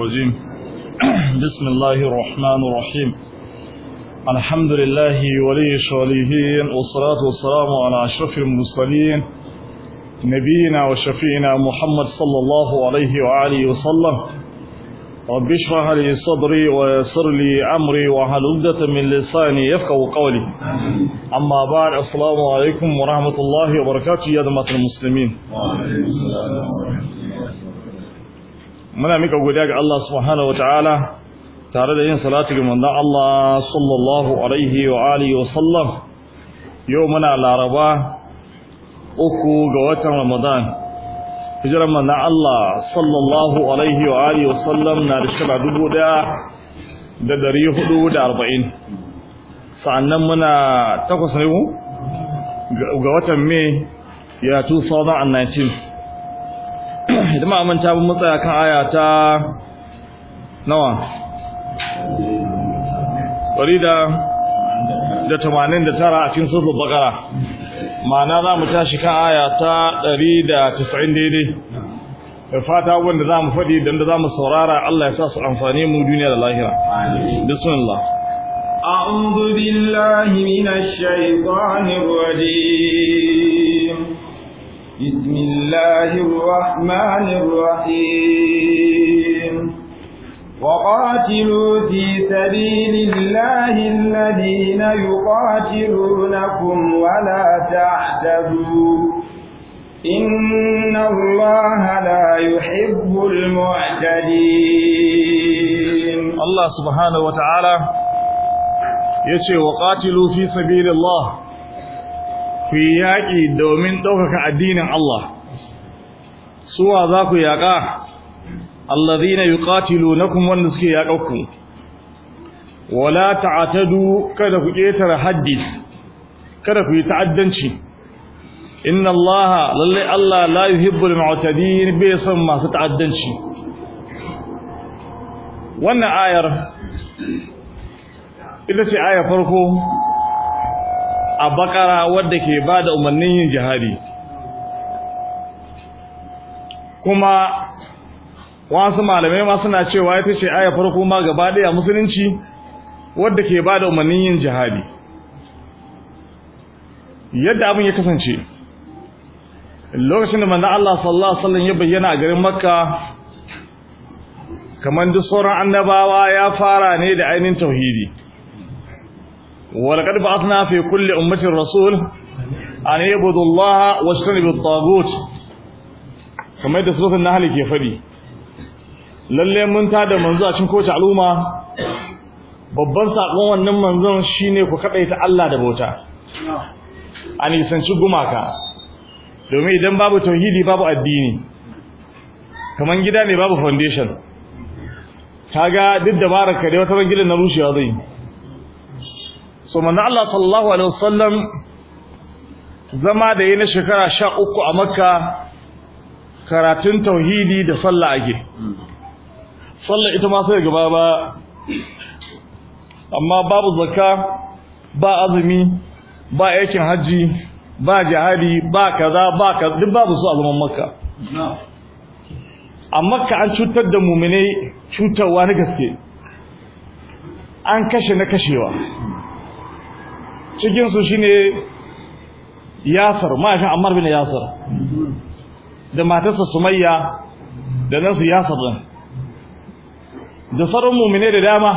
الرجيم بسم الله الرحمن الرحيم الحمد لله ولي الصالحين والصلاة والسلام على أشرف المرسلين نبينا وشفينا محمد صلى الله عليه وعلى وسلم رب اشرح لي صدري ويسر لي أمري وهل عقدة من لساني يفقه قولي أما بعد السلام عليكم ورحمة الله وبركاته يا دمة المسلمين وعليكم السلام ورحمة الله muna mika godiya ga Allah subhanahu wataala tare da yin salatu ga manzon Allah sallallahu alaihi wa alihi wa sallam yau muna laraba uku ga watan Ramadan hijiran manzon Allah sallallahu alaihi wa alihi wa sallam na da shekara dubu da dari hudu da arba'in sa'annan muna takwas ne ga watan Mai ya 2019 da ma manta matsaya tsaya kan aya ta nawa farida da 89 a cikin suratul baqara ma'ana za mu tashi kan aya ta 190 daidai fata wanda za mu faɗi don da za mu saurara Allah ya sa su amfani mu duniya da lahira. Bismillah. أعوذ بالله من الشيطان الرجيم بسم الله الرحمن الرحيم وقاتلوا في سبيل الله الذين يقاتلونكم ولا تعتدوا إن الله لا يحب المعتدين الله سبحانه وتعالى يشي وقاتلوا في سبيل الله ku yi yaƙi domin ɗaukaka addinin Allah suwa za ku yaƙa allazina yuqatilunakum wanda suke yaƙarku wala ta'tadu kada ku ƙetare haddi kada ku yi ta'addanci inna Allah lallai Allah la yuhibbul mu'tadin bai son masu ta'addanci wannan ayar ita ce ayar farko a bakara wadda ke ba da umarnin yin jihadi kuma wasu malamai ma suna cewa ya ce aya farko ma gaba daya musulunci wadda ke ba da umarnin yin jihadi yadda abin ya kasance lokacin da manzan Allah sallallahu alaihi wasallam ya bayyana a garin Makka kamar duk sauran annabawa ya fara ne da ainihin tauhidi ولقد بعثنا في كل أمة رسول أن يعبدوا الله واجتنبوا الطاغوت كما يدى سورة النحل كي فدي lalle mun tada manzo a cikin kowace babban sakon wannan manzon shine ku ta Allah da bauta an ci gumaka domin idan babu tauhidi babu addini kaman gida ne babu foundation kaga duk da baraka dai wata ran gidan na rushewa zai so manna Allah sallallahu alaihi wasallam zama da yana shekara sha uku a makka karatun tauhidi da sallah ake sallah ita ma sai gaba ba amma babu zakka ba azumi ba aikin haji ba jihadi ba kaza ba kaza duk babu su a zaman makka a makka an cutar da muminai cutarwa na gaske an kashe na kashewa cikin su shine yasar ma'ashin Ammar bin yasar da matarsa Sumayya da nasu yasar din da sauran mu'mine da dama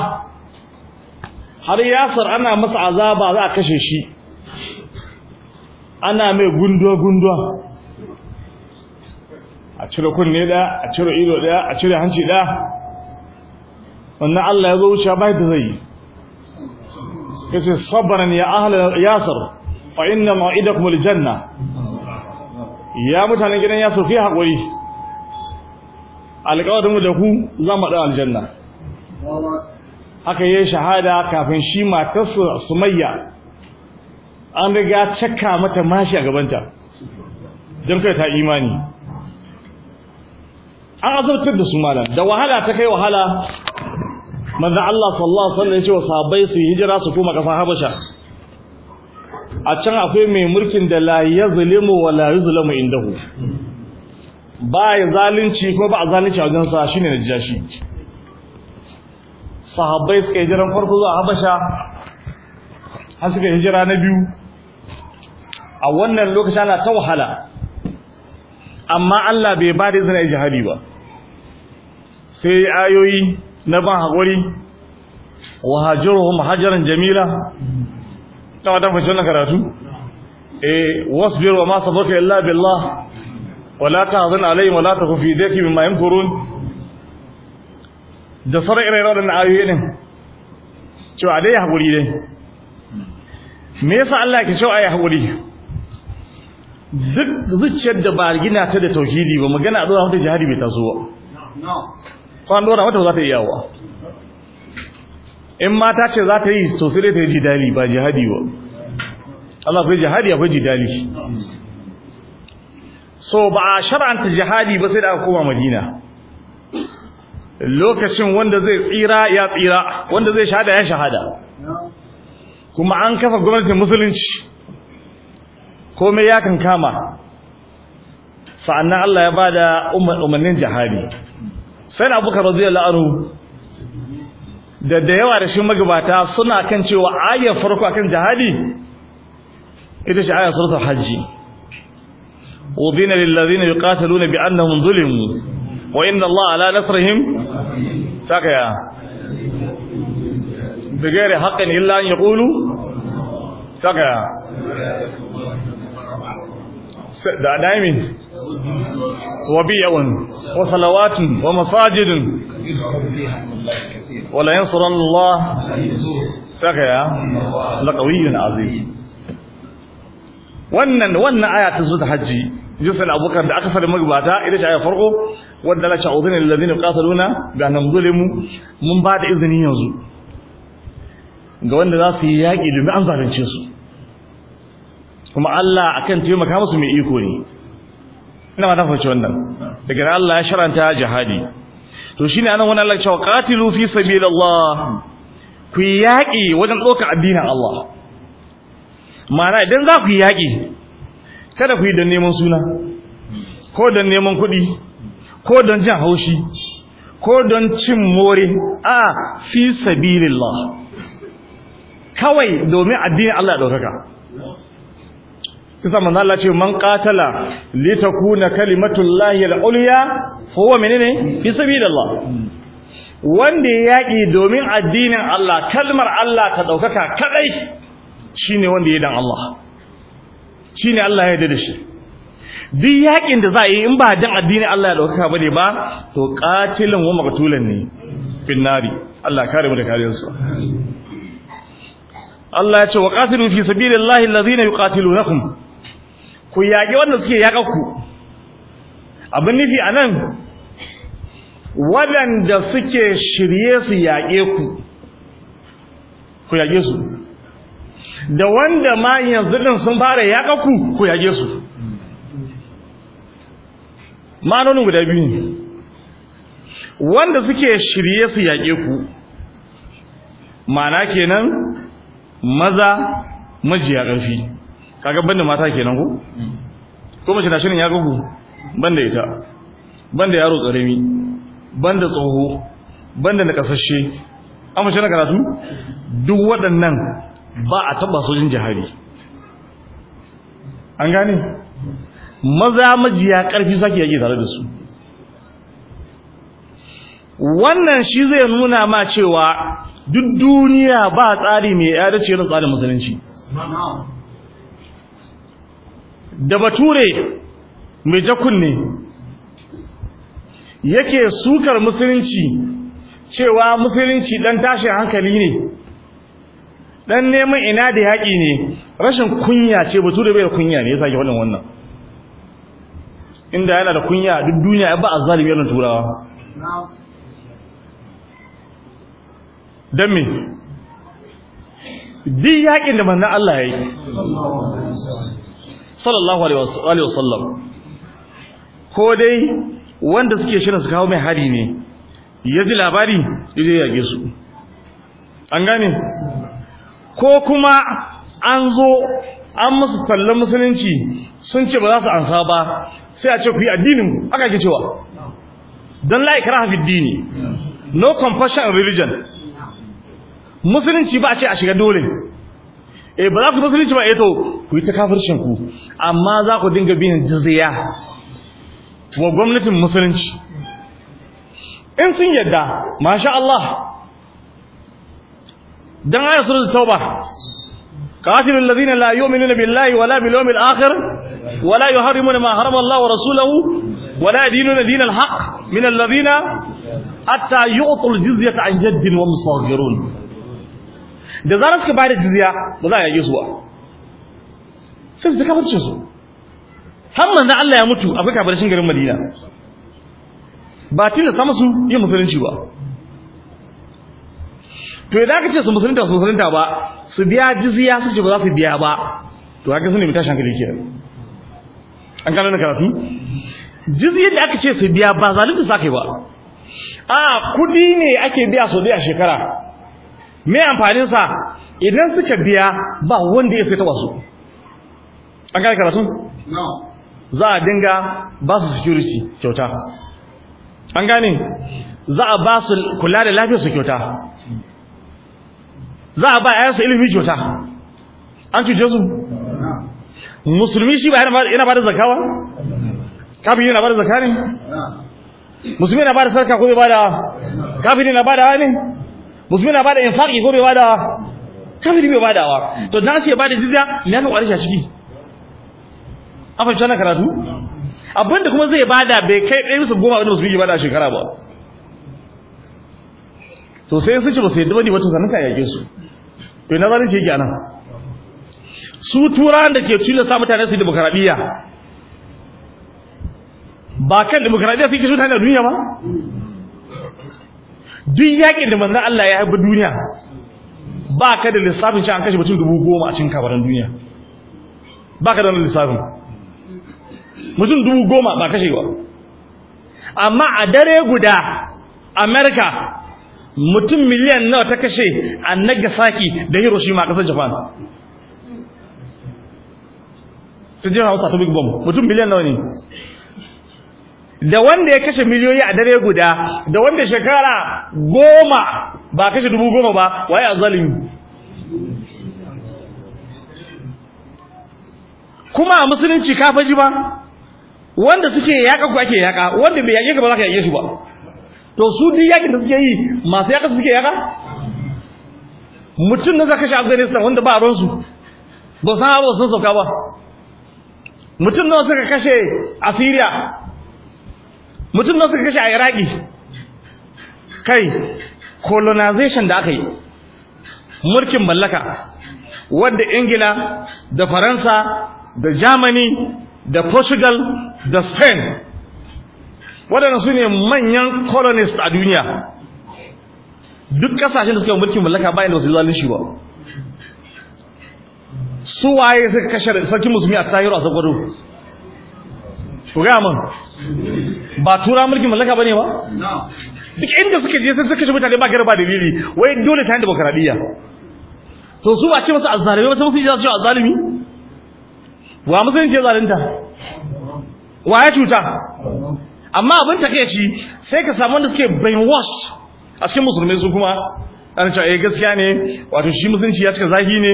har yasar ana masa azaba za a kashe shi ana mai gundo gundo a cire kunne da a cire ido da a cire hanci da wannan Allah ya zo wuce bai da zai yi yace sabran ya ahli yasir fa inna ma'idakum aljanna ya mutanen gidan yasir fi hakuri alƙawarin da ku za mu da aljanna haka yayin shahada kafin shi matarsa sumayya an riga caka mata mashi a gabanta don kai ta imani an azurtar da su malam da wahala ta kai wahala manzo Allah sallallahu alaihi wasallam ya ce wa sahabbai su hijira su koma kasar Habasha a can akwai mai mulkin da la yazlimu wa la yuzlamu indahu ba ya zalunci ko ba a zalunci a gansa shine jashi sahabbai suka hijiran farko zuwa Habasha har suka hijira na biyu a wannan lokaci ana ta wahala amma Allah bai ba da izinin jihadi ba sai ayoyi na ban haƙuri wa hajjuruhum hajaran jamila ta wata fashe wannan karatu eh wasbir wa ma sabaka illa billah wa la tahzan alaihim wa la taku fi dhiki mimma yamkurun da sarai irin wannan ayoyi din cewa dai haƙuri dai me yasa Allah ke cewa ayi haƙuri duk zuciyar da ba gina ta da tauhidi ba magana a zuwa mata jihadi bai taso ba ko an dora mata za ta iya yawa in mata ce za ta yi sosai ta yi jidali ba jihadi ba Allah kai jihadi akwai jidali so ba a shara'anta jihadi ba sai da aka koma madina lokacin wanda zai tsira ya tsira wanda zai shahada ya shahada kuma an kafa gwamnatin musulunci komai ya kankama sa'annan Allah ya bada umarnin jihadi sai na abubakar radiyallahu anhu da da yawa da shi magabata suna kan cewa ayar farko akan jihadi ita ce ayar suratul hajji udina lil ladina nuna bi annahum zulimu wa inda Allah ala nasrihim sakaya bighairi haƙƙin illa an yaqulu sakaya da dami wa biyawun wa salawatun wa masajidun wala yansuran Allah saka ya laqawiyyun azim wannan wannan aya ta zuwa haji jisan abubakar da aka fara magbata ita ce aya farko wadda wanda la sha'udina lil ladina qataluna bi annahum zulimu mun ba da izini yanzu ga wanda za su yi yaƙi domin an zalunce su kuma Allah akan taimaka musu mai iko ne ina ma ta wannan daga Allah ya sharanta jihadi to shine anan wannan Allah ya qatilu fi sabilillah ku yaƙi wajen doka addinin Allah ma'ana idan za ku yaki, kada ku yi don neman suna ko don neman kuɗi ko don jin haushi ko don cin more a fi sabilillah kawai domin addinin Allah ya ɗaukaka kisa manzo Allah ce man qatala li takuna kalimatullahi al-ulya huwa menene fi sabilillah wanda ya yaki domin addinin Allah kalmar Allah ta daukaka kadai shine wanda ya dan Allah shine Allah ya dade da shi duk yakin da za a yi in ba dan addinin Allah ya daukaka bane ba to qatilun wa maqtulun ne finnari Allah kare mu da kariyarsa Allah ya ce wa qatilu fi sabilillahi allazina yuqatilunakum ku yaƙi wanda suke yaƙa ku abin nufi a nan waɗanda suke shirye su yaƙe ku ku yaƙe su da wanda ma yanzu ɗin sun fara yaƙa ku ku yaƙe su ma'anonin guda biyu ne wanda suke shirye su yaƙe ku ma'ana kenan maza majiya ƙarfi kaga banda mata kenan ko ko mace na shirin ya gugu banda ita banda yaro tsaremi banda tsoho banda na kasashe an mace na karatu duk waɗannan ba a taba sojin jihari an gane maza majiya ƙarfi sake yake tare da su wannan shi zai nuna ma cewa duk duniya ba tsari mai ya dace na tsarin musulunci da bature mai jakunne yake sukar musulunci cewa musulunci dan tashin hankali ne dan neman ina da yaƙi ne rashin kunya ce bature bai da kunya ne yasa ke faɗin wannan inda yana da kunya duk duniya ba azzalimi yana turawa dan me duk yaƙin da manzon Allah ya yi sallallahu alaihi wasallam ko dai wanda suke shirin su kawo mai hari ne ya ji labari yaje yage su an gane ko kuma an zo an musu tallan musulunci sun ce ba za su ansa ba sai a ce ku yi addinin ku aka ke cewa Don la ikraha fi dini no compassion religion musulunci ba a ce a shiga dole E ba za ku musulunci ba eh to ku yi ta kafircin ku amma za ku dinga biyan jizya wa gwamnatin musulunci in sun yadda masha Allah dan ayat suratul tauba قاتل الذين لا يؤمنون بالله ولا باليوم الآخر ولا يحرمون ما حرم الله ورسوله ولا يدينون دين الحق من الذين حتى يعطوا الجزية عن جد وهم صاغرون da zarar suka bayar jizya ba za a yage su ba sai su kafircin su har manzan Allah ya mutu akwai kafirin garin Madina ba da sa musu yin musulunci ba to idan ka ce su musulunta su musulunta ba su biya jizya su ce ba za su biya ba to haka su ne mutashin hankali kenan an kana na karatu jizyar da aka ce su biya ba zalunta sa kai ba a kudi ne ake biya sau biya shekara me amfanin sa idan suka biya ba wanda ya fita wasu an gane karatu za a dinga ba su security kyauta an gane za a ba su kula da lafiyar su kyauta za a ba yayansu ilimi kyauta an cuce su musulmi shi ba yana ba da zakawa kafin yana ba da zaka ne musulmi na ba da sarka ko bai ba da kafin yana ba da ne musulmi na bada infaki ko bai bada kafiri bai badawa to dan sai bada jizya me aka kwarisha shi a fahimci na karatu abinda kuma zai bada bai kai dai musu goma wanda musulmi bada shekara ba so sai su ce ba su yadda wato wata sanin ka yake su to ina zalunci yake anan su turan da ke cilla sa mutane su demokradiyya ba kan demokradiyya suke cuta ta duniya ba duk yaƙin da manzan Allah ya haifar duniya ba ka da lissafin shi an kashe mutum dubu goma a cikin kabarin duniya ba ka da wani lissafin mutum dubu goma ba kashe ba amma a dare guda amerika mutum miliyan nawa ta kashe a nagasaki da hiroshima a ƙasar japan sun jira hausa ta big bomb mutum miliyan nawa ne da wanda ya kashe miliyoyi a dare guda da wanda shekara goma ba kashe dubu goma ba waye zalimi kuma a musulunci kafa faji ba wanda suke yaƙa ku ake yaƙa, wanda mai yake ka ba za ka yaƙe shi ba to su duk yaƙin da suke yi masu yaƙa suke yaƙa? mutum na za kashe afghanistan wanda ba a ransu ba san abu sun sauka ba mutum wasu suka kashe a syria mutum na suka kashe a iraki kai colonization da aka yi mulkin mallaka wadda ingila da faransa da germany da portugal da spain waɗanda su ne manyan colonist a duniya duk ƙasashen da suka yi mulkin mallaka bayan da wasu shi ba su waye suka kashe sarkin musulmi a tahiru a sakwado ku ga ba tura mulkin mallaka bane ba duk inda suke je sai suka shi mutane ba garba ba dalili wai dole ta yi demokradiya to su ba ce masu azzalimi ba sai musu jira su azzalimi wa musulun ce zalunta wa ya cuta amma abin shi sai ka samu wanda suke brainwash a cikin musulmai su kuma ana cewa eh gaskiya ne wato shi musulunci ya cika zagi ne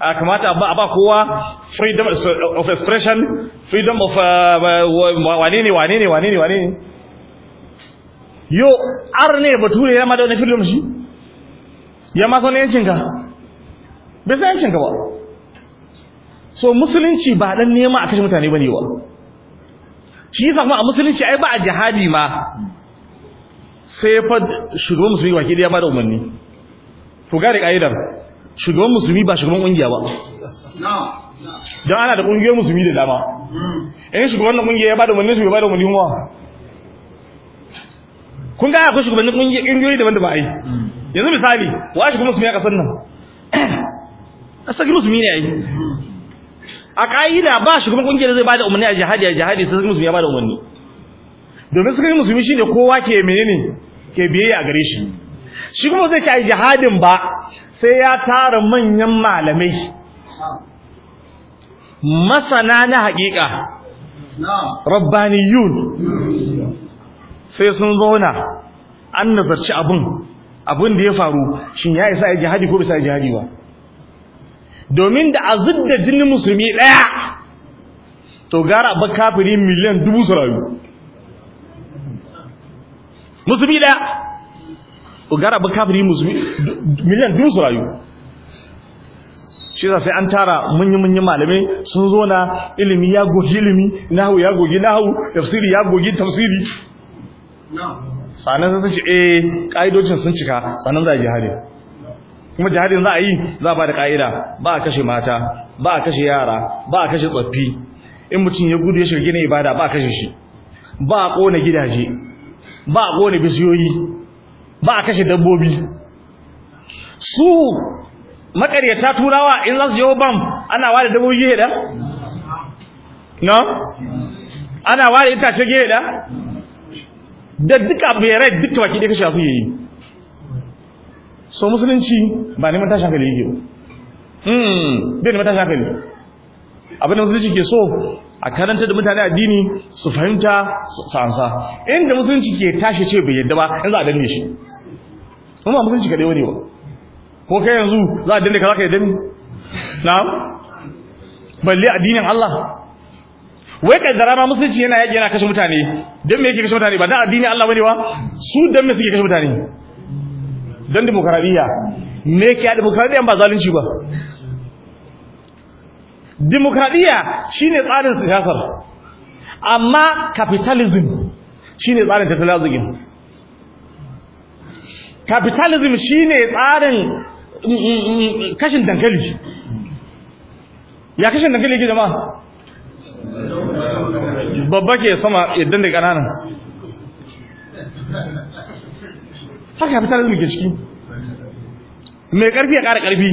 a kamata a ba kowa freedom of expression freedom of uh, wane ne wane ne wane ne wane ne yo ar ne bature ya ma da wani freedom shi ya ma sanin yancin ka bai san yancin ka ba so musulunci ba dan nema a kashe mutane bane wa shi yasa kuma a musulunci ai ba a jihadi ma sai fa shugaban musulmi baki daya ba da umarni ku gare ƙa'idar shugaban musulmi ba shugaban ƙungiya ba don ana da ƙungiyar musulmi da dama in shugaban da ƙungiya ya bada wani shugaba da wani huwa kun gaya akwai shugabannin ƙungiyoyi daban da ba a yi yanzu misali wa shugaban musulmi a ƙasar nan ƙasar musulmi ne a yi a ƙa'ida ba shugaban da zai bada umarni a jihadi a jihadi sai musulmi ya bada umarni domin sukari musulmi shine kowa ke menene ke biyayya a gare shi shi kuma zai ci jihadin ba sai ya tara manyan malamai masana na haƙiƙa rabbaniyun sai sun zauna an nazarci abin abin da ya faru shin ya isa ya jihadi ko bisa jihadi ba domin da a zidda jinin musulmi ɗaya to gara ba kafiri miliyan dubu su musulmi ɗaya gara bu kafiri musulmi miliyan biyu su rayu shi za sai an tara munyi-munyi malamai sun zo na ilimi ya gogi ilimi nahu ya gogi nahu tafsiri ya gogi tafsiri sannan sun ce eh ƙa'idocin sun cika sannan za a jihari kuma jihadin za a yi za a ba da ƙa'ida ba a kashe mata ba a kashe yara ba a kashe tsoffi in mutum ya gudu ya shirgi na ibada ba a kashe shi ba a ƙone gidaje ba a ƙone bisiyoyi ba a kashe dabbobi su makaryata turawa in za su yi bam ana ware dabbobi gehe da no ana ware itace gehe da da duka berai duka baki da kashe su yi so musulunci ba neman tashin hankali yake ba hmm bai neman tashin hankali abin da musulunci ke so a karanta da mutane addini su fahimta su ansa inda musulunci ke tashi ce bai yadda ba in za a danne shi kuma musulunci kaɗai wani ba ko kai yanzu za a dinda ka zaka yi dami na'am balle addinin Allah wai da rama musulunci yana yaƙi yana kashe mutane don me yake kashe mutane ba dan addinin Allah bane ba su dan me suke kashe mutane don demokradiya me yake a demokradiya ba zalunci ba demokradiya shine tsarin siyasar amma capitalism shine tsarin tattalin arzikin capitalism shine tsarin mm, mm, mm, kashin dankali ya kashin dankali ke jama? babba ke sama idan da ƙananan Har capitalism ke ciki mai ƙarfi ya ƙara ƙarfi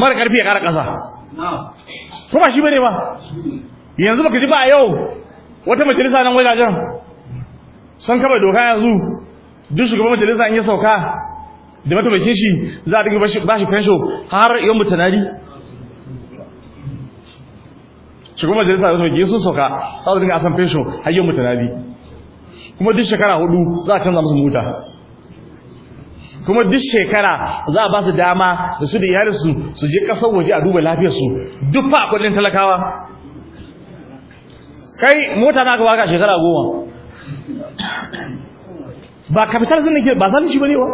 mara ƙarfi ya ƙara ƙasa kuma ba shi bane ba yanzu baka ji ba a yau wata majalisa nan wajajen sun kaba doka yanzu duk shugaban majalisa in ya sauka da mataimakin shi za a dinga ba shi fensho har yan mutanari shugaban majalisa da sauke sun sauka za a dinga asan fensho har yan mutanari kuma duk shekara hudu za a canza musu mota kuma duk shekara za a ba su dama da su da iyalinsu su je kasar waje a duba lafiyarsu duk fa a kudin talakawa kai mota na gaba ga shekara goma ba capitalism ne ke ba shi bane ba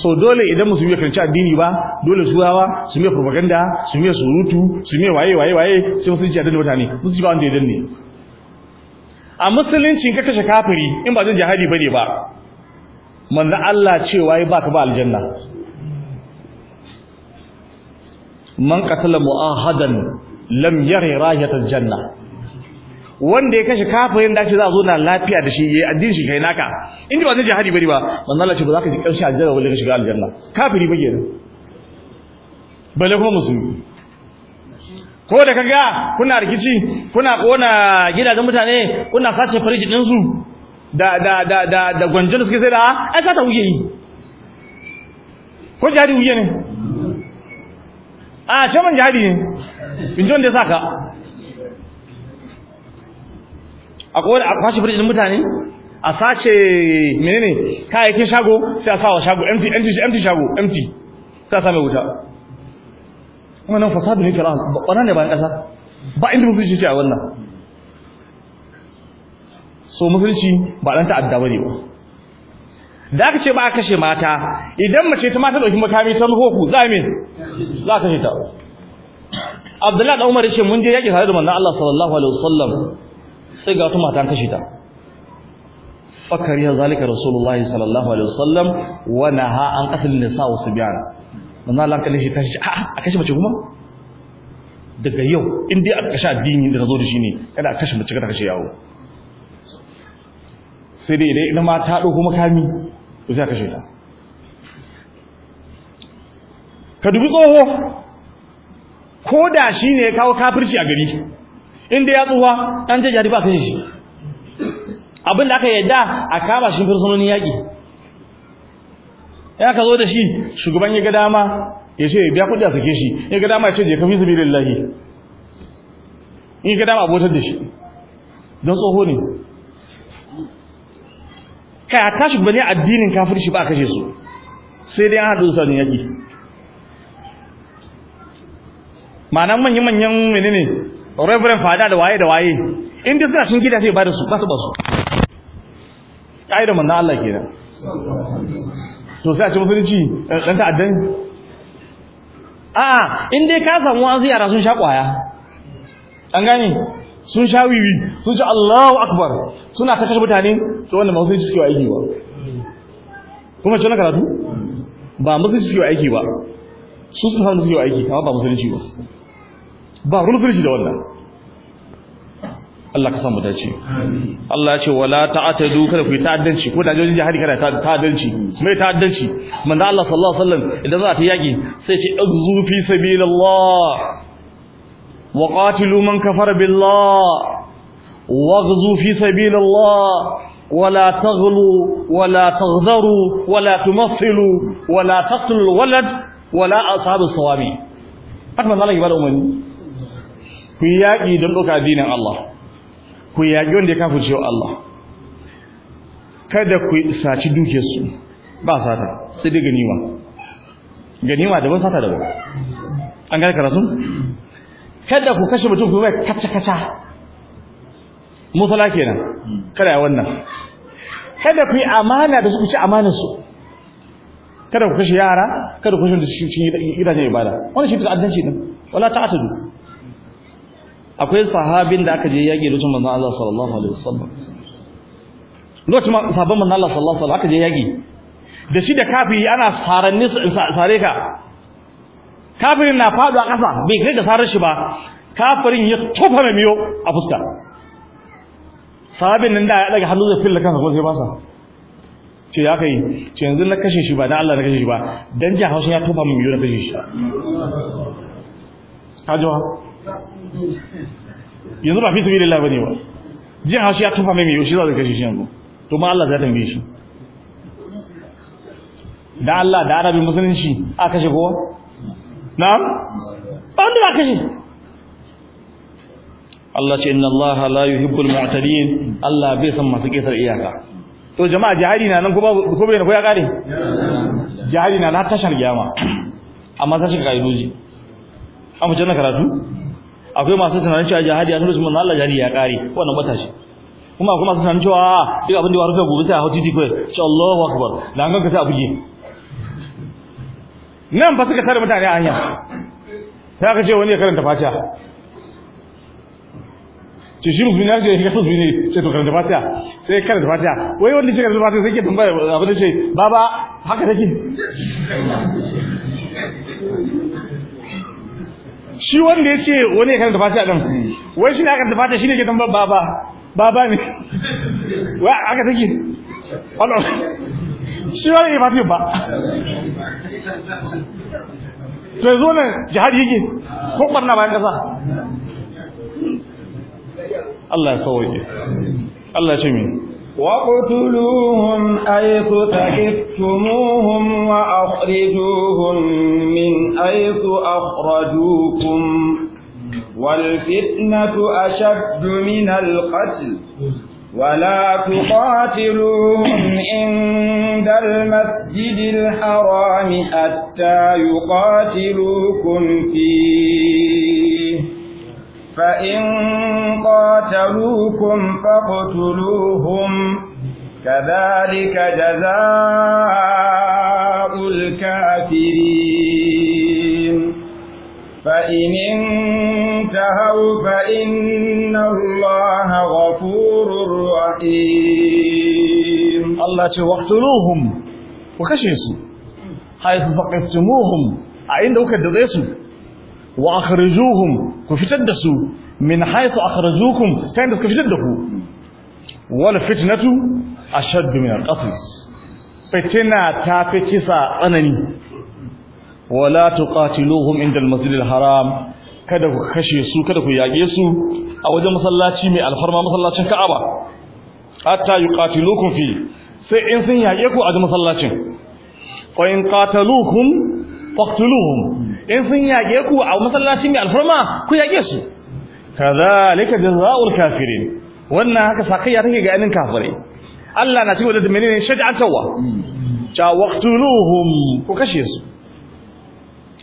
so dole idan musu yi karanci addini ba dole su hawa su mai propaganda su mai surutu su mai waye waye waye sai musu ji addini mutane musu ba wanda ya danne a musulunci ka kashe kafiri in ba zan jihadi bane ba manzo Allah cewa ya baka ba aljanna man qatala mu'ahadan lam yari rayatal janna wanda ya kashe kafirin da ce za a zo na lafiya da shi yayin addinin shi kai naka inda ba zai jihadi bari ba manzo Allah ce ba za ka ji karshe aljanna wanda ka shiga aljanna kafiri ba gidan bale kuma musulmi ko da kaga kuna rikici kuna kona gidajen mutane kuna sace farji din su da da da da da gwanjon suke sai da ai sata wuye yi ko jihadi wuye ne a shaman jihadi ne binjon da saka akwai wani a kwashe firjin mutane a sace menene kayayyakin shago sai a sawa shago empty empty empty shago empty sai a sa mai wuta nan fasadu ne fir'aun wannan ne bayan ƙasa? ba inda musulunci ce a wannan so musulunci ba dan ta'adda ne ba da aka ce ba a kashe mata idan mace ta mata ɗauki makami ta nuhu za me za ka hita Abdullahi da Umar ce mun je yaki tare da manzon Allah sallallahu alaihi wasallam sai ga wata mata an kashe ta fakariya zalika rasulullahi sallallahu alaihi wasallam wa naha an qatl nisa wa subyan manzo Allah kalle shi kashi a a kashe mace kuma daga yau in dai aka kashe addini da nazo da shi ne kada a kashe mace kada kashe yawo sai dai idan ina mata do kuma makami to sai a kashe ta ka dubi tsoho ko da shi ne ya kawo kafirci a gari Inda ya tsuwa an je jari ba kan shi abin da aka yadda a kama shi fursunonin yaƙi ya ka zo da shi shugaban ya ga dama ya ce biya kudi a sake shi ya ga dama ya ce je kafin biyu lillahi in ga dama abotar da shi don tsoho ne kai a tashi bane addinin kafirci ba a kashe su sai dai an haɗu da sanin yaƙi ma'anan manya-manyan menene reverend fada da waye da waye in dai suna cikin gida sai ba da su ba su ba su ai da manzo Allah kenan to sai a ce musulunci dan eh, ta'addan a in dai ka samu wasu yara sun sha kwaya an gane sun sha wiwi sun ci Allahu akbar suna ta kashe mutane to wanda ba musulunci suke aiki ba kuma ce na karatu ba musulunci suke aiki ba su sun samu suke aiki amma ba musulunci ba ba ruwan sulhi da wannan Allah ka mu dace Allah ya ce wala ta'tadu kada ku yi ta'addanci ko da jojin jihadi kada ta'addanci mai ta'addanci manzo Allah sallallahu alaihi wasallam idan za ta yaki sai ce igzu fi sabilillah wa qatilu man kafara billah waghzu fi sabilillah ولا تغلوا ولا تغذروا ولا تمثلوا ولا تقتلوا الولد ولا أصحاب الصوامي أكمل الله يبارك ku yi yaƙi don ɗauka addinin Allah ku yi yaƙi wanda ya kafa cewa Allah kada ku saci dukiyarsu ba sata sai dai ganima ganima daban sata daban an gani karatu kada ku kashe mutum kuma kaca kaca musala kenan kada ya wannan kada ku yi amana da su ku ci amanar su kada ku kashe yara kada ku kashe da shi gidajen ibada wannan shi ta addanci din wala ta'tadu akwai sahabin da aka je yaƙi da manzon Allah sallallahu alaihi wasallam lokacin sahabban manzon Allah sallallahu alaihi wasallam aka je yaƙi da shi da kafi ana saranni sare ka kafirin na faɗo a ƙasa bai kai da sarar shi ba kafirin ya tofa mai miyo a fuska sahabin nan da ya daga hannu zai filla kansa ko sai basa ce ya kai ce yanzu na kashe shi ba dan Allah na kashe shi ba dan jahaushin ya tofa mai miyo na kashe shi kajuwa yanzu ba fi sabilillah bane ba jin haushi ya tufa mai shi za su kashe shi yanzu to ma Allah ta tambaye shi da Allah da arabi musulunci a kashe kowa Na. ba wanda aka kashe. Allah ce inna Allah la yuhibbul mu'tadin Allah bai san masu ƙetar iyaka to jama'a jihadi na nan kuma ko bai na ko ya kare jihadi na na tashar gyama amma ta shiga kaidoji amma na karatu akwai masu tunanin cewa jihadi ya nuna sunan Allah jihadi ya kare wannan bata shi kuma akwai masu tunanin cewa duk abin da ya rufe gobe sai a hoti ti kai insha Allahu akbar dan ganka sai a buge nan fa suka tare mutane a hanya sai aka ce wani ya karanta fatiha ce shi rufin ya ce ya kasu ne sai to karanta fatiha sai karanta fatiha wai wanda ce karanta fatiha sai ke tambaya abin da ce baba haka take shi wanda ya ce wani ya karanta fatiha din wai shi ne aka tafata shi ne ke tambar baba baba ne wa aka take Allah shi wani ya fatiha ba to yanzu nan jihar yake ko barna bayan kasa Allah ya sauke Allah ya ce mini واقتلوهم حيث تحفتموهم وأخرجوهم من حيث أخرجوكم والفتنة أشد من القتل ولا تقاتلوهم عند المسجد الحرام حتى يقاتلوكم فيه فإن قاتلوكم فاقتلوهم كذلك جزاء الكافرين فإن انتهوا فإن الله غفور رحيم الله واقتلوهم وكشفوا حيث ثقفتموهم عند وكدرسوا wa akhrijuhum ku fitar da su min haythu akhrajukum ta inda suka fitar da ku wal fitnatu ashaddu min al-qatl fitina ta fi kisa tsanani wala tuqatiluhum inda al-masjid haram kada ku kashe su kada ku yage su a wajen masallaci mai alfarma masallacin Ka'aba hatta yuqatilukum fi sai in sun yage ku a masallacin wa in qatalukum faqtuluhum in sun yage ku a masallaci mai alfarma ku yage su kadhalika jazaa'ul kafirin wannan haka sakayya take ga ainin kafirai Allah na cewa da menene shaja'atawa cha waqtuluhum ku kashe su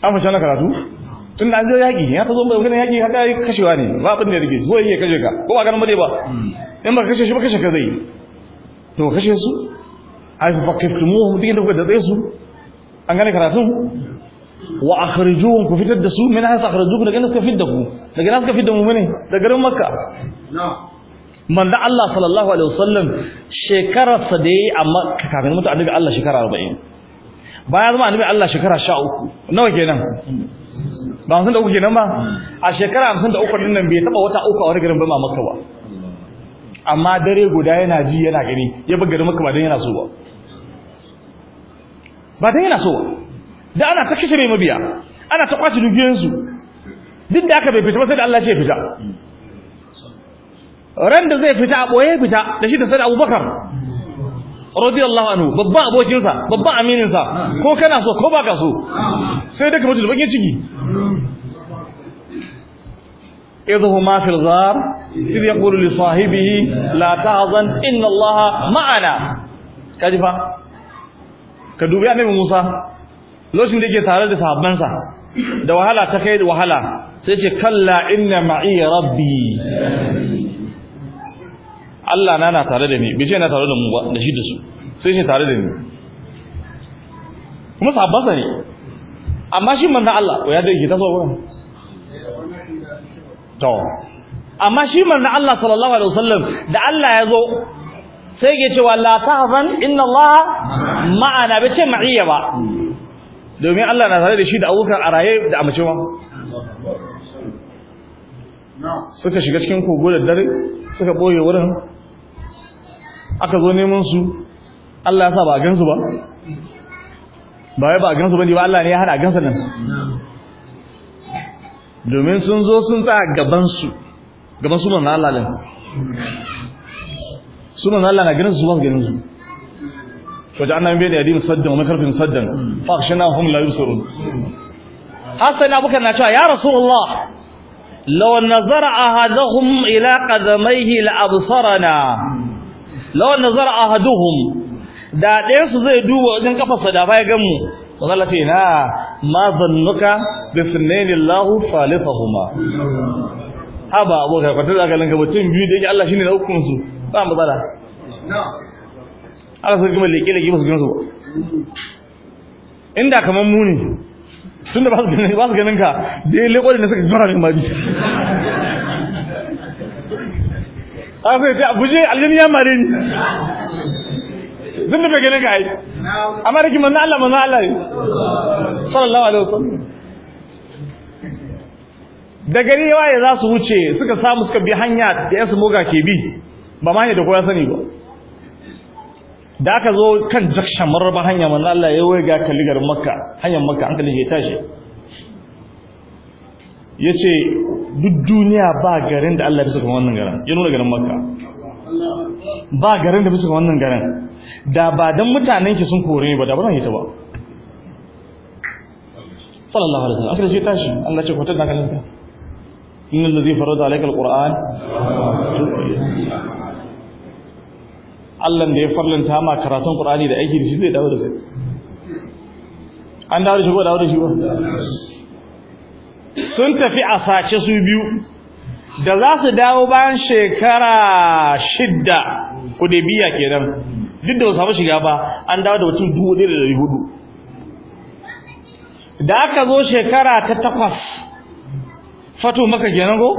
an fashe na karatu tun da an zo yaki ya zo mai magana yaki haka kashewa ne ba abin da ya rige zuwa yake kashe ka ko ba ganin bane ba in ba kashe shi ba kashe ka zai to kashe su ai fa kaftumuhum din da ku da zai su an gane karatu wa akhrijuhum ku fitar da su min haythu akhrijukum daga nan suka fitar da ku daga nan suka fitar da mu ne daga garin makka manda Allah sallallahu alaihi wasallam shekara sa da yayi a makka kafin mutu annabi Allah shekara 40 bayan zama annabi Allah shekara 13 nawa kenan ba san da uku kenan ba a shekara 53 din nan bai taba wata uku a wani garin ba makka ba amma dare guda yana ji yana gani ya bar garin makka ba dan yana so ba ba dan yana so ba da ana ta kashe mai mabiya ana ta kwace dukiyansu duk da aka bai fita ba sai da Allah ce fita ran da zai fita a boye fita da shi da sai Abubakar radiyallahu anhu babban abokinsa babban amininsa ko kana so ko baka so sai daga mutu bakin ciki idhuma fil ghar idh yaqulu li sahibihi la tahzan inna allaha ma'ana kaji fa ka dubi annabi Musa lokacin da yake tare da sahabbansa da wahala ta kai wahala sai ce kalla inna ma'i rabbi Allah na na tare da ni bai ce na tare da mu ba da shi da su sai ce tare da ni kuma sahabbansa ne amma shi manzo Allah ya da yake taso wurin to amma shi manzo Allah sallallahu alaihi wasallam da Allah ya zo sai ke ce wa la tahzan inna Allah ma'ana bai ce ma'iyya ba domin Allah na tare da shi da abokan a raye da amacewa suka shiga cikin kogo da dare suka boye wurin aka zo neman su Allah ya sa ba a gansu ba ba ya ba a gansu ba ne ba Allah ne ya hada gansu nan domin sun zo sun tsaya gabansu gaban sunan Allah din sunan Allah na ganin su ban ganin su وجعلنا من بين أيديهم صدا ومن خلفهم صدا فأغشيناهم لا يبصرون حسن أبو بكر يا رسول الله لو نظر أحدهم إلى قدميه لأبصرنا لو نظر da ɗayan su zai duba wajen kafarsa da baya gan mu wazalla ce na ma zannuka bi sunnaini Allahu salifahuma haba abokai mutum biyu da yake Allah shine na hukunsu ba matsala aka su gima leke leke musu gansu inda kaman mu ne tun da ba su ganin ba su ganin ka dai leko da suka jira min mari aka sai ta buje aljini ya mare ni tun da bai ganin ka ai amma da na Allah manzo Allah sallallahu alaihi wasallam da gari waye za su wuce suka samu suka bi hanya da su moga ke bi ba ma ne da kowa sani ba da aka zo kan jakshan marraba hanya manzo Allah ya waiga kalli makka hanyar makka an kalli ya tashi yace duk duniya ba garin da Allah ya saka wannan garin ya nuna garin makka ba garin da bisa wannan garin da ba dan mutanen ki sun kore ba da ba zan yi ta ba sallallahu alaihi wasallam akhirji tashi Allah ce kwatar da kalanka innal ladhi farada alayka alquran Allah da ya farlanta ma karatun Qur'ani da aiki da shi zai dawo da kai an dawo da shi ko dawo da shi ba sun tafi a sace su biyu da za su dawo bayan shekara shidda biya kenan duk da ba samu shiga ba an dawo da mutum dubu ɗaya da ɗari hudu da aka zo shekara ta takwas fato maka kenan ko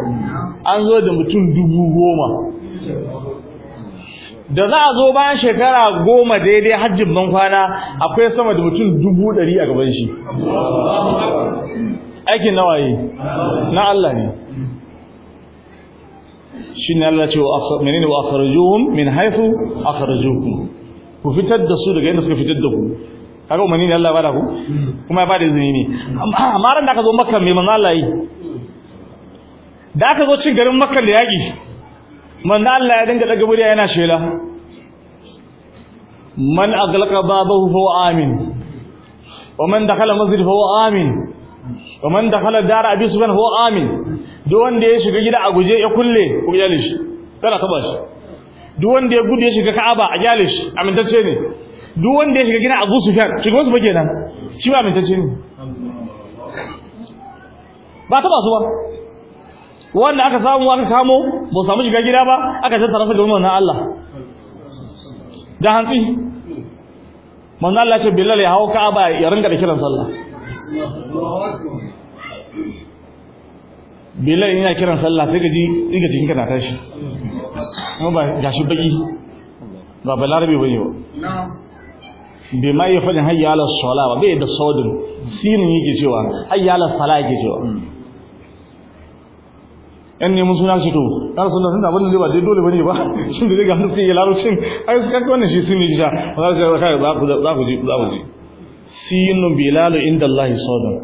an zo da mutum dubu goma da za a zo bayan shekara goma daidai hajjin ban kwana akwai sama da mutum dubu ɗari a gaban shi aikin nawaye na Allah ne shi ne Allah ce menene wa akhrajuhum min haifu akhrajukum ku fitar da su daga yadda suka fitar da ku kaga umarni ne Allah ya bada ku kuma ya bada izini ne amma ran da aka zo makka me manzo Allah yi da aka zo cin garin makka da yaki manzo Allah ya dinga daga buriya yana shela man aghlaqa babahu fa amin wa man dakhala masjid fa amin wa man dakhala dar abi subhan fa amin duk wanda ya shiga gida a guje ya kulle ku yale shi kana taba shi duk wanda ya gudu ya shiga Ka'aba a yale shi amintacce ne duk wanda ya shiga gida Abu Sufyan shiga su kenan shi ba amintacce ne ba taba su ba wanda aka samu aka kamo ba samu shiga gida ba aka tattara su ga manzon Allah da hantsi manzon Allah ce billal ya hawo Ka'aba ya ringa da kiran sallah billal yana kiran sallah sai gaji diga cikin kana tashi kuma ba gashi baki ba balarabe bane ba bai ma iya faɗin hayya ala sola ba bai da saudin sinin yake cewa hayya ala sala yake cewa yan neman suna shi to ya rasu nan abin da ba dai dole bane ba shi da daga hannu ya larucin a yi suka kanka wannan shi sun yi sha ba za su kai za ku za ku ji za ku ji sinu bilal inda Allah sawdan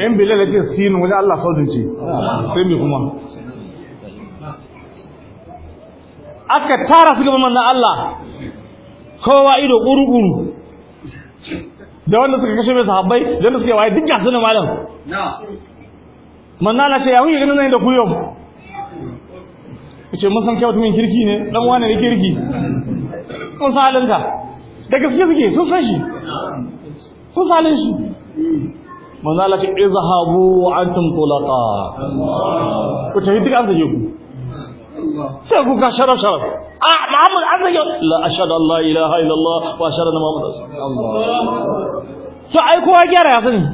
yan bilal ce sinu wani Allah sawdan ce sai mai kuma aka tara su gaba manna Allah kowa ido ƙuruƙuru da wanda suka kashe mai sahabbai da wanda suka waye duk gasu na malam manzala ce ya kuke ganin nan da ku yau ce mun san kyautu min kirki ne dan wani ne kirki mun san halinka da gaske suke sun san shi sun san halin shi manzala ce izhabu antum tulaqa ku tafi duk an sake ku sai ku ga sharar sharar a ah, Muhammad an sake la ashhadu an la ilaha illallah wa ashhadu anna muhammadan rasulullah to ai kowa gyara ya sani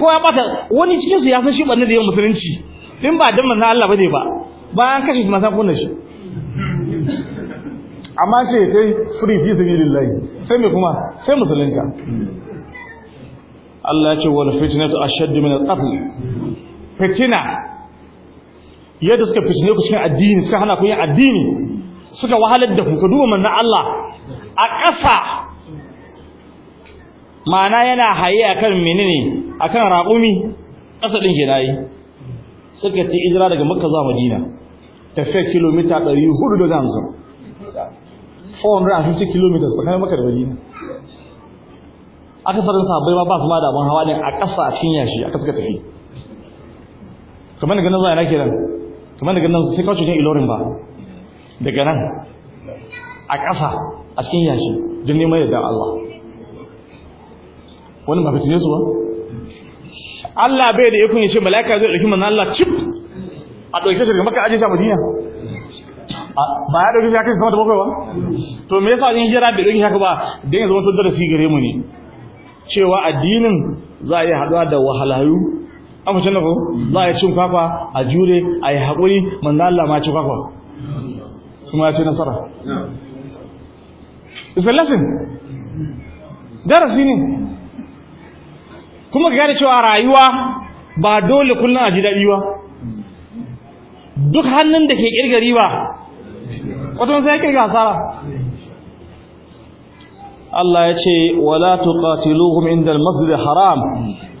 kowa bata wani cikin su ya san shi banne da yau musulunci in ba dan manzon Allah bane ba bayan kashe shi masan kunna shi amma ce kai free fi sabilillah sai me kuma sai musulunta Allah ya ce wal fitnatu ashadd min al-qatl fitina yadda suka fitine ku cikin addini suka hana ku yin addini suka wahalar da ku ka duba manzon Allah a ƙasa ma'ana yana haye akan menene akan raƙumi ƙasa din nayi suka ci izra daga makka zuwa madina tafiya kilomita 450 450 kilometers kai makka da madina akasarin sahabbai sabai ba su ma da abin hawa ne a ƙasa a cikin yashi aka suka tafi kamar daga nan zuwa yana kiran kamar daga nan sai kawo cikin ilorin ba daga nan a ƙasa a cikin yashi don neman yadda Allah wannan ba fitine su ba Allah bai da ikon ya ce mala'ika zai dauki manzon Allah chip a dauke shi daga Makka aje shi a Madina ba ya dauke shi haka da bakwai ba to me yasa in jira bai dauke haka ba dan yanzu wato darasi gare mu ne cewa addinin za a yi haduwa da wahalayu an fice na ko za a yi cin kwakwa a jure a yi haƙuri manzon Allah ma ci kwakwa kuma ya ce nasara it's a lesson darasi ne kuma ka gane cewa rayuwa ba dole kullum a ji daɗi ba duk hannun da ke kirga riba wata sai kirga asara Allah ya ce wala tuqatiluhum inda al-masjid haram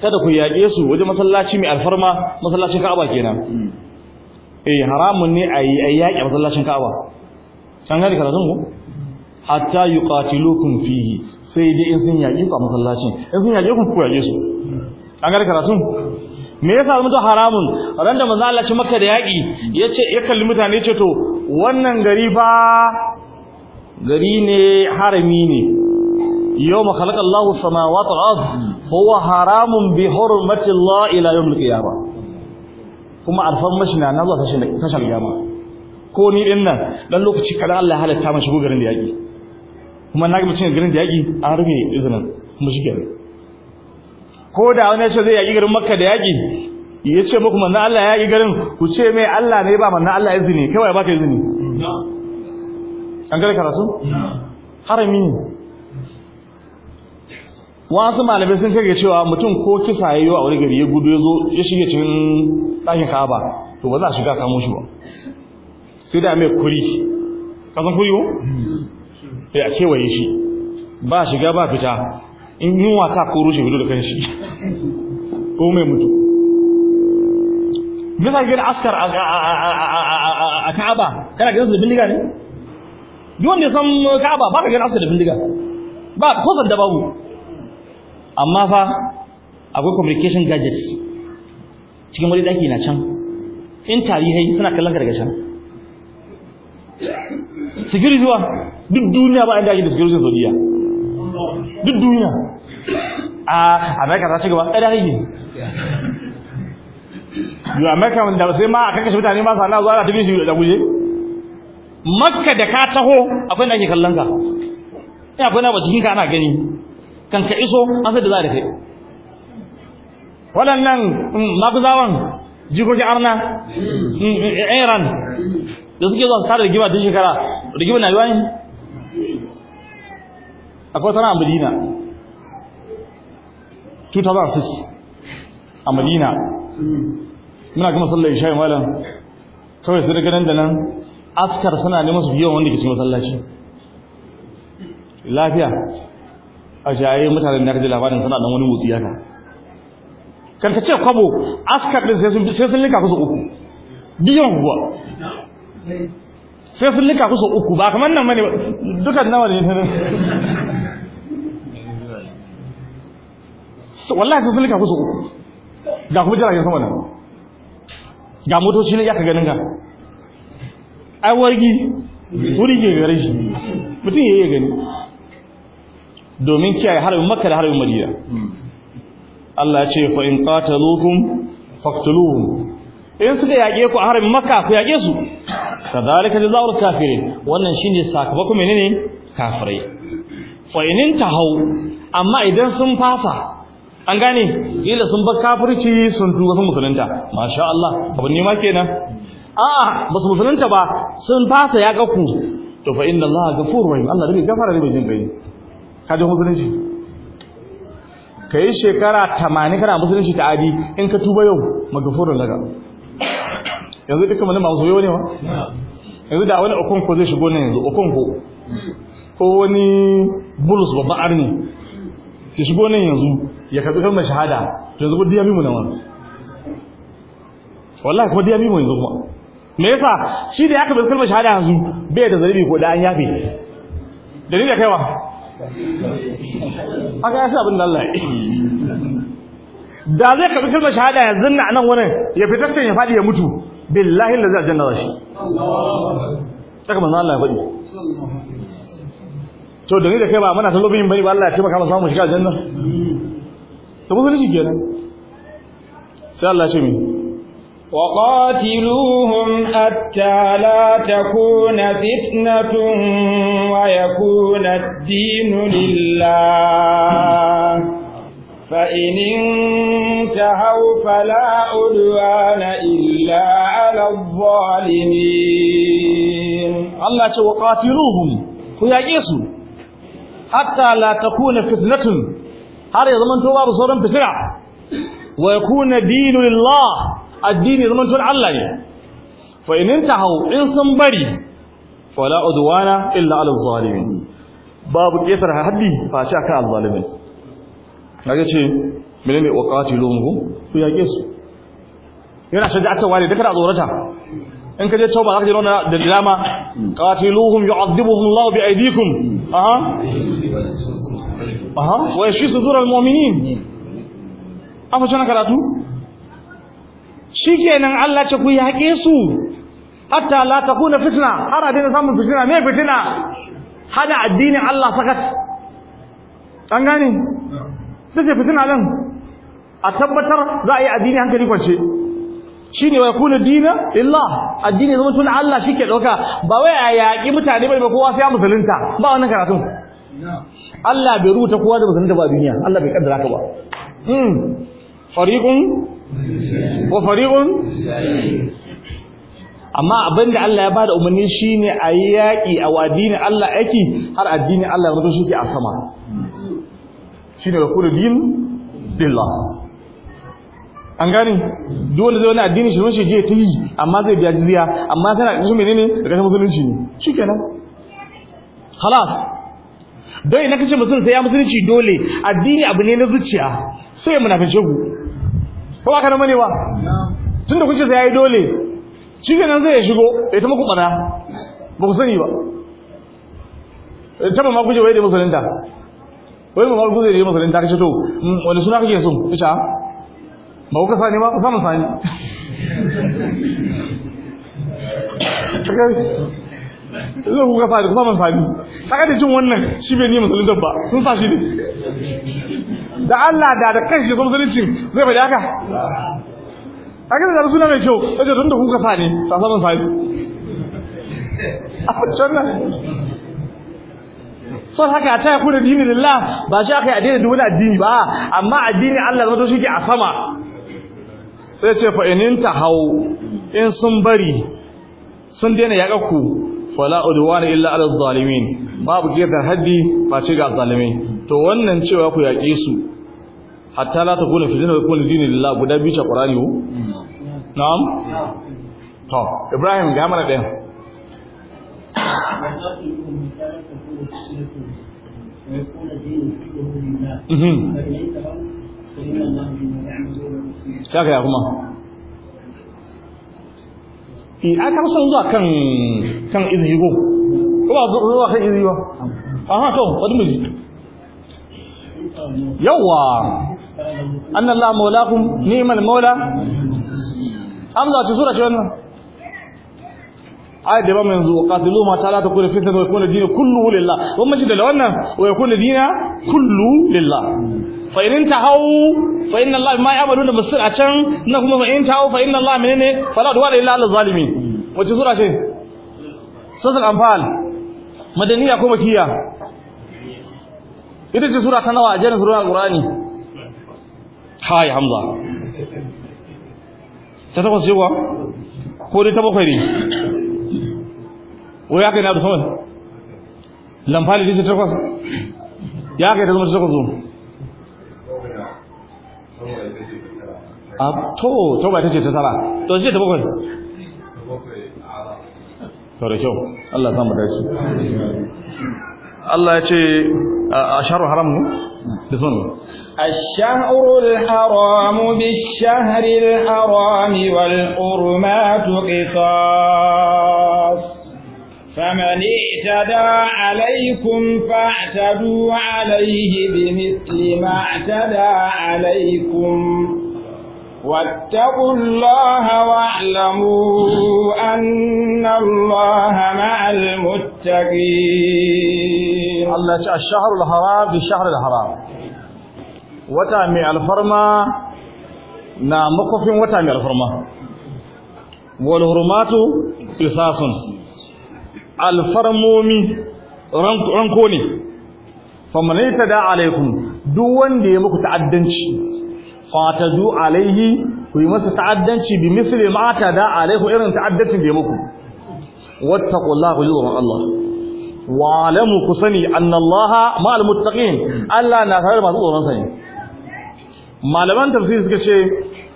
kada ku yaƙe su wajen masallaci mai alfarma masallacin Ka'aba kenan eh haramun ne yi ayi yaƙe masallacin Ka'aba san gani karatun mu hatta yuqatilukum fihi sai dai in sun yaƙe ku a masallacin in sun yaƙe ku ku yaƙe su an gari karatun me yasa zama haramun ran da manzo Allah ci maka da yaki yace ya kalli mutane yace to wannan gari fa gari ne harami ne ma khalaqa Allahu samawati wal ard huwa haramun bi hurmati Allah ila yawm al-qiyamah kuma arfan mashina na zuwa tashin tashin kiyama ko ni din nan dan lokaci kada Allah ya halatta mun shigo garin da yaki kuma na ga mutum garin da yaki an rume izinin mushi shige ko da wani ya ce zai yaƙi garin makka da yaƙi ya ce muku manzan Allah ya yaƙi garin ku ce mai Allah ne ba manzan Allah izini kai waye baka izini an gare karatu harami wasu malamai sun kai cewa mutum ko kisa ya yi wa wani gari ya gudu ya zo ya shige cikin ɗakin kaba. to ba za a shiga kamo shi ba sai da mai kuri ka san kuri ko ya hmm. eh, kewaye shi ba shiga ba fita in wata ta koro shi da kan kanshi ko mai mutu me za ka gani askar a ka'aba kana ganin su da bindiga ne duk wanda ya san ka'aba ba ka gani askar da bindiga ba ko da babu amma fa akwai communication gadgets cikin wani daki na can in tarihai suna kallon daga can security wa duk duniya ba inda ake da security saudiya duk duniya a america ta ci gaba ɗaya rage yau america da sai ma a kakashe mutane ma sana zuwa ta bishi da guje makka da ka taho akwai da ake kallon ka ina akwai na jikin ka ana gani kan ka iso an sai da za da kai waɗannan mm, maguzawan jikokin arna mm, mm, iran da suke zuwa su da giba duk shekara da giba na yi wani akwai sana'a a madina 2006 a madina muna kuma sallar isha'i malam kawai sai daga nan da nan askar suna neman su yawan wanda ke cikin masallaci lafiya a jaye mutanen da labarin suna dan wani motsi haka ce kwabo askar din sai sun lika su uku biyan kuwa sai sun lika kusa uku ba kamar nan mani dukkan nawa ne ta wallahi sai sun lika kusa uku ga kuma jiragen sama nan ga motoci ne yaka ganin ga ai wargi wuri ke gare shi mutum ya iya gani domin kiyaye harbin makka da harbin madina hmm. Allah ya ce fa in qataluhum faqtuluhum in suka yaƙe ku a harin makka ku yaƙe su kadhalika jazaa'ul kafirin wannan shine sakamakon menene kafirai fa inin tahau amma idan sun fasa an gane kila sun bar kafirci sun tuba sun musulunta masha Allah abu ne ma kenan a'a basu musulunta ba sun fasa ya ga ku to fa inna Allah ghafurur rahim Allah ne gafara ne mai jin gai ka ji musulunci kai shekara 80 kana musulunci ta adi in ka tuba yau magfurun laka yanzu duka mana masu yau ne ma yanzu da wani okonko zai shigo nan yanzu okonko ko wani bulus babban arni ya shigo nan yanzu ya karɓi kalmar shahada to yanzu kuma diyami mu na wani wallahi kuma diyami mu yanzu kuma me yasa shi da ya karbi kalmar shahada yanzu bai da zalibi ko da an yafe dalilin kaiwa aka yasa abin da Allah da zai karɓi kalmar shahada yanzu na nan wani ya fitar ya faɗi ya mutu billahi lazi aljanna za shi saka manzo Allah ya faɗi to da da kai ba muna san lobin bane ba Allah ya taimaka mu samu shiga aljanna to mun shi kenan sai Allah ya ce mi وقاتلوهم حتى لا تكون فتنة ويكون الدين لله فإن انتهوا فلا عدوان إلا على الظالمين الله ce wa qatiluhum ku yaƙe su hatta la takuna fitnatun har ya zaman to babu sauran fitina wa yakuna dinu lillah addini zaman to Allah ne fa in intahu in sun bari fala udwana illa babu kefar haddi face aka al kaga ce menene wa lomu ku yake su yana shaja'atawa duka da kada tsorata in ka je tauba ka je nuna da dama qatiluhum yu'adhibuhum Allah bi aydikum aha aha wa yashfi sudur al mu'minin afa shana karatu shikenan Allah ce ku yake su hatta la takuna fitna har a daina samun fitina me fitina hada addinin Allah sakat an gane sai ce fitina nan a tabbatar za a yi addini hankali kwance ne wa kuna dina illa addini zama tun Allah shi ke dauka ba wai a yaƙi mutane ba kowa sai musulunta ba wannan karatun Allah bai rubuta kowa da musulunta ba duniya Allah bai kaddara ka ba hmm fariqun wa fariqun amma abinda Allah ya bada umarni shine a yaƙi a wa addini Allah aiki har addini Allah ya rubuta shi a sama shine ghafurur rahim billah an gani duk wanda zai wani addini shi rushe je ta yi amma zai biya jiziya amma tana ne menene ƙarƙashin musulunci ne shikenan halas don na kashe musulun sai ya musulunci dole addini abu ne na zuciya sai ya munafice ku ko ba ka bane tun da kuce sai yi dole shikenan zai shigo ya ta muku bana ba ku sani ba ta ma kuje wai da musulunta wai mu margu zai yi musulunta kace to mm, wani suna kake so kace ah, ba ku sani ma ku samu sani zai kuka sa da kusa man sami saka da jin wannan shi bai nima musulun dabba sun sa shi ne da Allah da da kai shi zo musuluncin zai bai haka a kan da suna mai kyau wajen don da kuka sa ne ta saman sami a can nan so haka ta yakuna dini lillah ba shi aka yi addini da wani addini ba amma addini Allah zama to shi ke a sama sai ce fa ta hau in sun bari sun daina yaƙa ku fala udwana illa ala zalimin babu gida haddi ba ce ga zalimai to wannan cewa ku yaƙe su hatta la takuna fi dinin kullu dini lillah guda biyu ta qur'ani ko na'am to ibrahim ga mana ɗaya. Mm-hmm. Shaka ya kuma. E, eh, a zuwa kan kan izigo. Ko zuwa kan izigo. Aha to, wani miji. Yawwa. Anna Allah maulakum ni'mal maula. Amza ci sura ce wannan. ayat da ba mu yanzu qatilu ma ta'ala ta kullu fitna wa yakuna dinu kullu lillah wannan mace da wannan wa yakuna dinu kullu lillah fa in tahaw fa inna allaha bima ya'maluna basir a can na kuma fa in tahaw fa inna allaha menene fa la duwala illa al zalimin wace sura ce Sosar anfal madaniya ko makiyya ita ce sura ta nawa a jerin sura alqur'ani kai hamza ta takwas ce ko dai ta bakwai ne wai aka yi na abdulsamad lamfani dishi takwas ya aka yi ta zama takwas zo to to ba ta ce ta tara to ce ta bakwai kyau Allah samu dace Allah ya ce a sharu haram ne bismillah الشهر الحرام بالشهر الحرام والحرمات قصاص فمن اعتدى عليكم فاعتدوا عليه بمثل ما اعتدى عليكم واتقوا الله واعلموا أن الله مع المتقين الله الشهر الحرام في شهر الحرام وتامي الفرما نعم مقفين وتامي الفرما والهرمات قصاص alfarmomi ranko ne famanaita da alaikum duk wanda ya muku ta'addanci fatadu alaihi ku yi masa ta'addanci bi misli mata da alaikum irin ta'addancin da ya muku wattaqullaha ku tsoron Allah wa alamu ku sani annallaha ma'al muttaqin Allah na tare da masu tsoron sa ne malaman tafsiri suka ce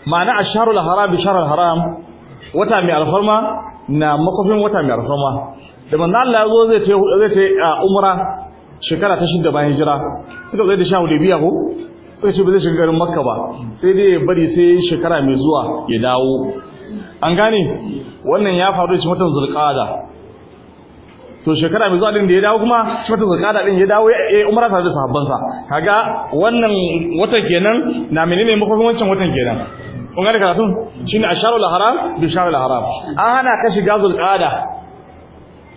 ma'ana asharul haram bi haram wata mai alfarma na makofin wata mai alfarma da manzo Allah ya zo zai ce zai ce umra shekara ta shida bayan hijira suka zai da sha hudabiya ko suka ce ba zai shiga garin makka ba sai dai ya bari sai shekara mai zuwa ya dawo an gane wannan ya faru cikin watan zulqada to shekara mai zuwa din da ya dawo kuma cikin watan zulqada din ya dawo ya umra tare da sa. kaga wannan watan kenan na menene makofin wancan watan kenan kun gane karatun ne asharul haram bi sharul haram an hana ka shiga zulqada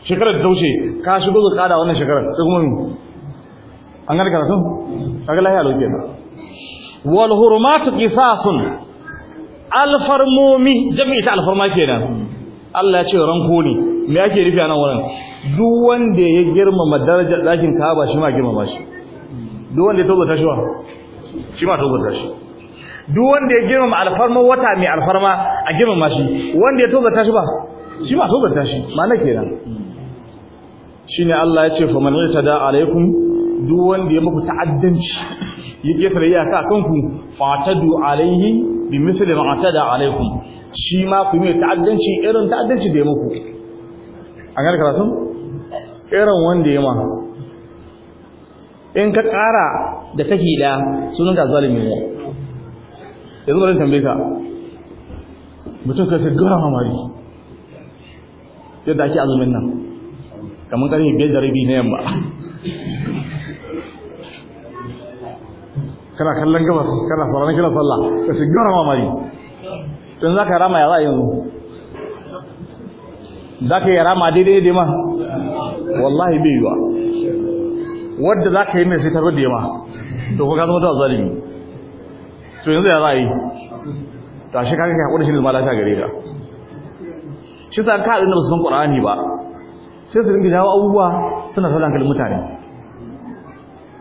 shekarar da taushe ka shigo zulqada wannan shekarar sai kuma an gane karatun kaga lahiya lauke ba wal hurumatu qisasun alfarmomi jami'i ta alfarma kenan Allah ya ce ranko ne me yake rufi a nan wurin duk wanda ya girmama darajar dakin Kaaba shi ma girmama shi duk wanda ya tabbata shi wa shi ma tabbata shi duk wanda ya girma alfarma wata mai alfarma a girma shi wanda ya tozarta shi ba shi ba tozarta shi ma'ana kenan shine Allah ya ce fa man da alaikum duk wanda ya muku ta'addanci ya ketare iyaka kanku fatadu alaihi bi misli ma atada alaikum shi ma ku mai ta'addanci irin ta'addanci da ya muku an gane karatu irin wanda ya ma in ka kara da ta hila sunan da zalimi ne yanzu bari tambaye ka mutum ka sai gara mamari yadda ake azumin nan kamar karfe biyar da rabi na yamma kana kallon gabas kana sauran kira sallah ka sai gara mamari don za ka rama ya za a yanzu za ka yi rama daidai da ma wallahi bai yiwa wadda za ka yi mai sai ta rode ma to ka zama ta zalimi to yanzu ya za yi ta shi kakakai haƙuri shi da ma lafiya gare ka shi sa ka da san ƙur'ani ba sai su rinke jawo abubuwa suna sa kalin mutane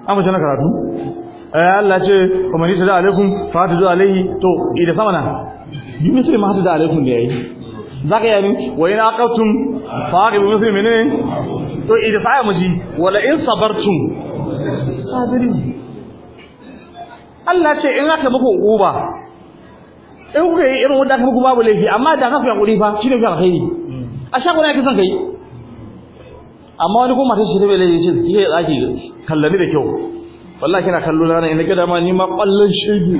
an mace na karatu yi eh, Allah ce kuma ni da alaikum fa ta zuwa alaihi to ida sama na yi misali ma da alaikum da za ka yi wa in aqatum fa aqibu misali menene to ida sa ya maji wala in sabartum sabirin Allah ce in aka muku uba in kuka yi irin wanda aka muku babu laifi amma da kafa yankuri fa shi ne fi alkhairi a sha kuna yake son kai amma wani kuma ta shi ta bai laifi ce kike zaki kallani da kyau wallahi kina kallo na ina ga ma ni ma kallon shege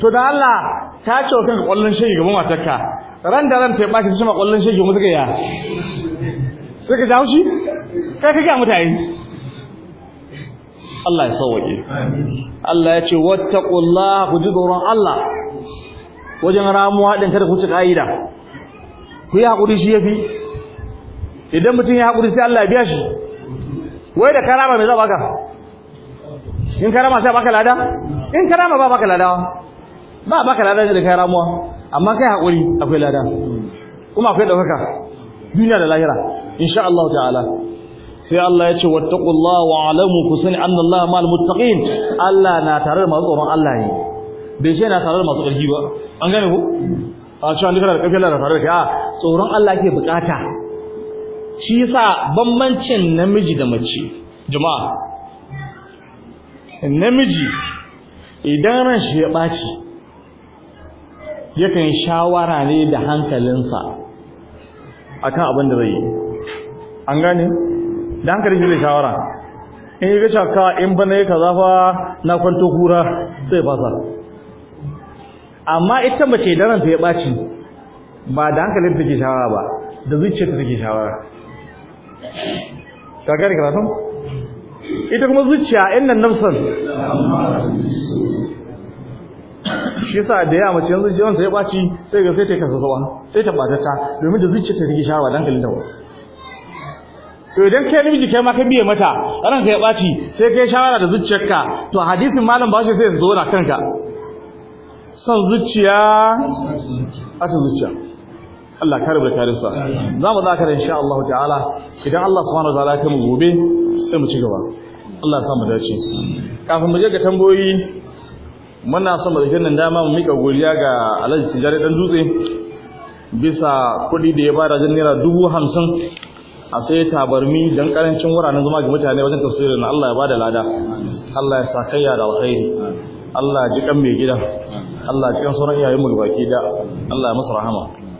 to da Allah ta ce wa kanka kallon shege gaban matarka ran da ran ta ba ki ce ma kallon shege mu zuga ya suka dawo shi kai kake mutane Allah ya sauke Allah ya ce wattaqullaha ku ji tsoron Allah wajen ramuwa din kada ku ci kaida ku yi hakuri shi yafi idan mutum ya hakuri sai Allah ya biya shi wai da karama mai za baka in karama sai baka lada in karama ba baka lada ba baka lada da kai ramuwa amma kai hakuri akwai lada kuma akwai daukaka duniya da lahira insha Allah ta'ala sai Allah ya ce wattaqullaha wa alamu ku annallaha ma'al muttaqin Allah na tare da masu tsoron Allah ne bai ce na tare da masu ƙarfi ba an gane ku a cewa ni kana da ƙarfi Allah tare da kai a tsoron Allah ke bukata shi yasa bambancin namiji da mace jama'a namiji idan ran shi ya ɓaci yakan shawara ne da hankalinsa akan abin da zai yi an gane da hankali shi zai shawara in yi gasha ka in na yi kaza fa na kwanto kura sai fasa amma ita mace daren ta ya ɓaci ba da hankali hankalin take shawara ba da zuciya ta take shawara ka gane ita kuma zuciya in nan nafsan shi sa da ya mace yanzu jiwon ta ya ɓaci sai ga sai ta kasa sauwa sai ta ɓata domin da zuciya ta take shawara da hankali ta ba to idan kai namiji kai ma ka biye mata ranka ya baci sai kai shawara da zuciyarka to hadisin malam bashi sai yanzu na kanka San zuciya a san zuciya Allah kare mu kare sa za mu zaka da insha Allah ta'ala idan Allah subhanahu wa ta'ala ya mu gobe sai mu ci gaba Allah ya sa mu dace kafin mu je ga tambayoyi muna son mu da nan dama mu mika godiya ga Alhaji Tijari dan dutse bisa kuɗi da ya bada jin naira dubu hamsin a sai tabarmi don karancin wuraren zama ga mutane wajen tafsirin na Allah ya bada lada Allah ya sakayya da alkhairi Allah ya ji kan mai gidan Allah ya ji kan sauran iyayen mu baki da Allah ya masa rahama